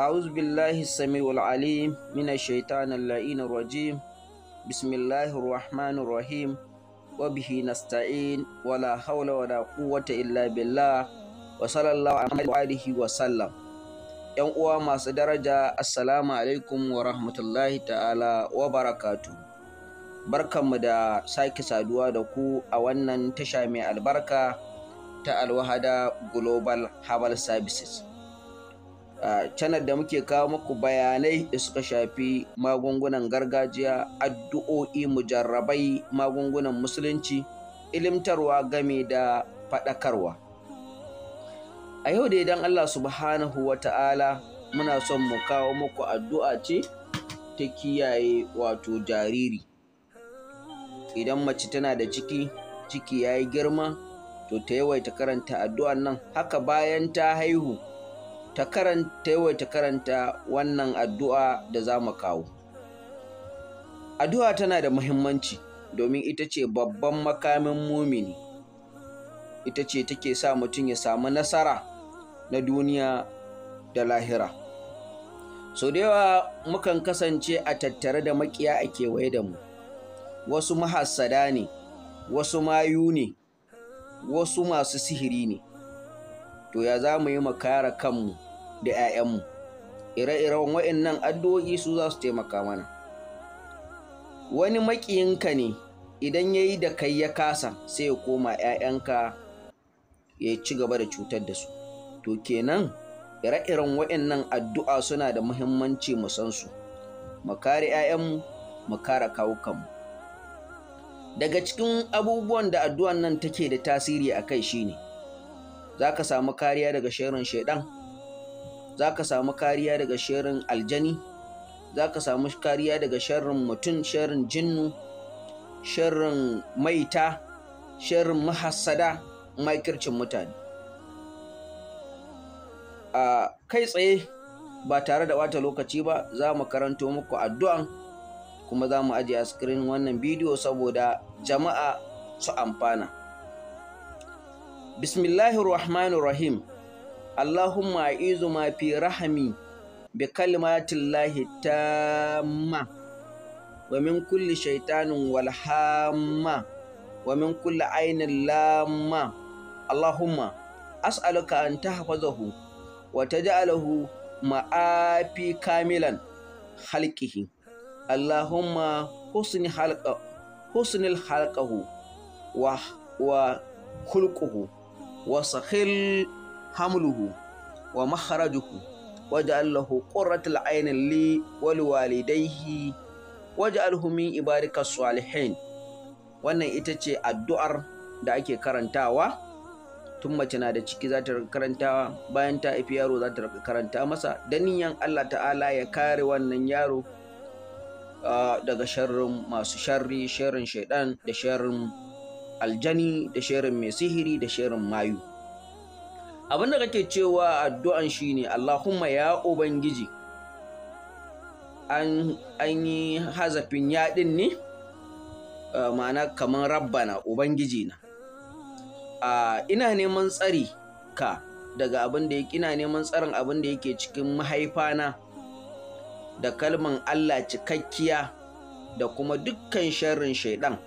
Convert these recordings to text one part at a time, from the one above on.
أعوذ بالله السميع العليم من الشيطان اللعين الرجيم بسم الله الرحمن الرحيم وبه نستعين ولا حول ولا قوة إلا بالله وصلى الله عليه وسلم ‘Yan uwa masu daraja, Assalamu alaikum wa rahmatullahi ta'ala wa barakatu. Barkanmu da sake saduwa da ku a wannan tasha mai albarka ta Alwahada Global Herbal Services. Canar da muke kawo muku bayanai da suka shafi magungunan gargajiya addu'o'i mujarrabai magungunan musulunci ilimtarwa game da faɗakarwa a yau da idan allah subhanahu wa ta'ala muna son mu kawo muku addu'a ce ta kiyaye wato jariri idan mace tana da ciki ciki ya yi girma to ta yawaita karanta addu'an nan haka bayan ta haihu ta karanta yawai ta karanta wannan addu'a da za mu kawo. Addu'a tana da muhimmanci domin ita ce babban makamin mumini. Ita ce take sa mutum ya samu nasara na duniya da lahira. Sau da yawa mukan kasance a tattare da makiya a kewaye da mu. Wasu mahassada ne, wasu mayu ne, wasu masu sihiri ne. to ya za mu yi mu kare kanmu da 'ya'yanmu ire-iren waɗannan addu'o'i su za su taimaka mana wani maƙiyinka ne idan ya yi da kai ya kasa sai ya koma 'ya'yanka ya ci gaba da cutar da su to kenan ire-iren waɗannan addu'a suna da muhimmanci mu san su mu kare 'ya'yanmu mu kare kawukanmu daga cikin abubuwan da addu'an nan take da tasiri a kai shine za ka samu kariya daga shirin shaidan za ka samu kariya daga sharin aljani za ka samu kariya daga sharin mutum sharin jinnu sharin maita sharin mahassada makircin mutane a kai tsaye ba tare da wata lokaci ba za mu karanto muku addu'an kuma za mu ajiye a screen wannan bidiyo saboda jama'a su amfana bismillahirrahmanirrahim Allahumma izu ma fi rahami bi kalimatillahi tamma wa min kulli shaitanin walhamma wa min kulli ainin lamma Allahumma as'aluka an tahfazahu wa taj'alahu ma'afi kamilan halqihi Allahumma husni halqa husnil halqahu hamluhu wa maharajuhu waj'al lahu qurratal ayni li wa liwalidayhi waj'alhu min ibadikas salihin wannan ita ce addu'ar da ake karantawa tun mace na da ciki za ta karantawa bayan ta haifi yaro za ta karanta masa da niyan Allah ta'ala ya kare wannan yaro daga sharrin masu sharri sharrin shaidan da sharrin aljani da sharrin mai sihiri da sharrin mayu abin da kake cewa addu'an shi ne, Allahumma ya ubangiji an yi hazafin yaɗin ne ah, ma'ana kamar rabbana ubangiji na ah, ina neman tsari ka daga abin da ina neman tsarin abin da yake cikin mahaifana da kalman Allah cikakkiya da kuma dukkan sharrin shaidan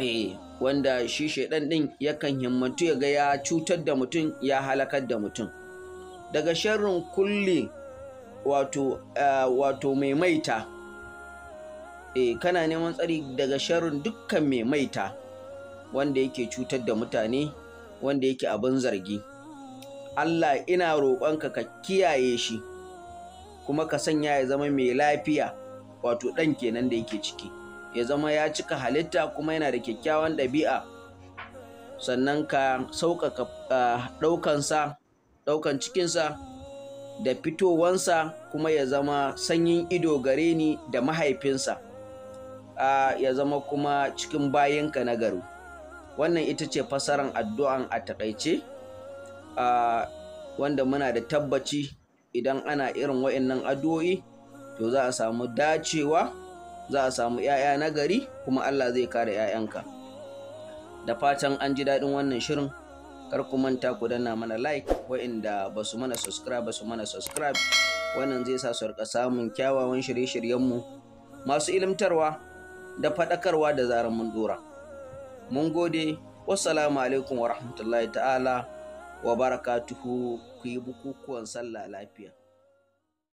eh, wanda shi shaidan ɗin yakan himmatu ya ga ya cutar da mutum ya halakar da mutum daga sharrin kulle wato, eh, wato mai maita e, eh, kana neman tsari daga sharrin dukkan mai maita wanda yake cutar da mutane wanda yake abin zargi Allah ina roƙonka ka kiyaye shi kuma ka sanya ya zama mai lafiya wato ɗan kenan da yake ciki. ya zama ya cika halitta kuma yana da kyakkyawan ɗabi'a sannan ka sauƙaƙa ɗaukansa ɗaukan cikinsa da fitowansa kuma ya zama sanyin ido gare ni da mahaifinsa ya zama kuma cikin bayanka na garu wannan ita ce fasaran addu'an a taƙaice wanda muna da tabbaci idan ana irin wa'annan addu'o'i to za a samu dacewa za a samu 'ya'ya na gari kuma Allah zai kare 'ya'yanka da fatan an ji daɗin wannan shirin kar ku manta ku danna mana like wa'inda ba su mana subscribe ba su mana subscribe wannan zai sa su rika samun kyawawan shirye-shiryenmu masu ilimtarwa da faɗakarwa da zarar mun dora mun gode wassalamu alaikum wa rahmatullahi ta'ala wa barakatuhu ku yi bukukuwan sallah lafiya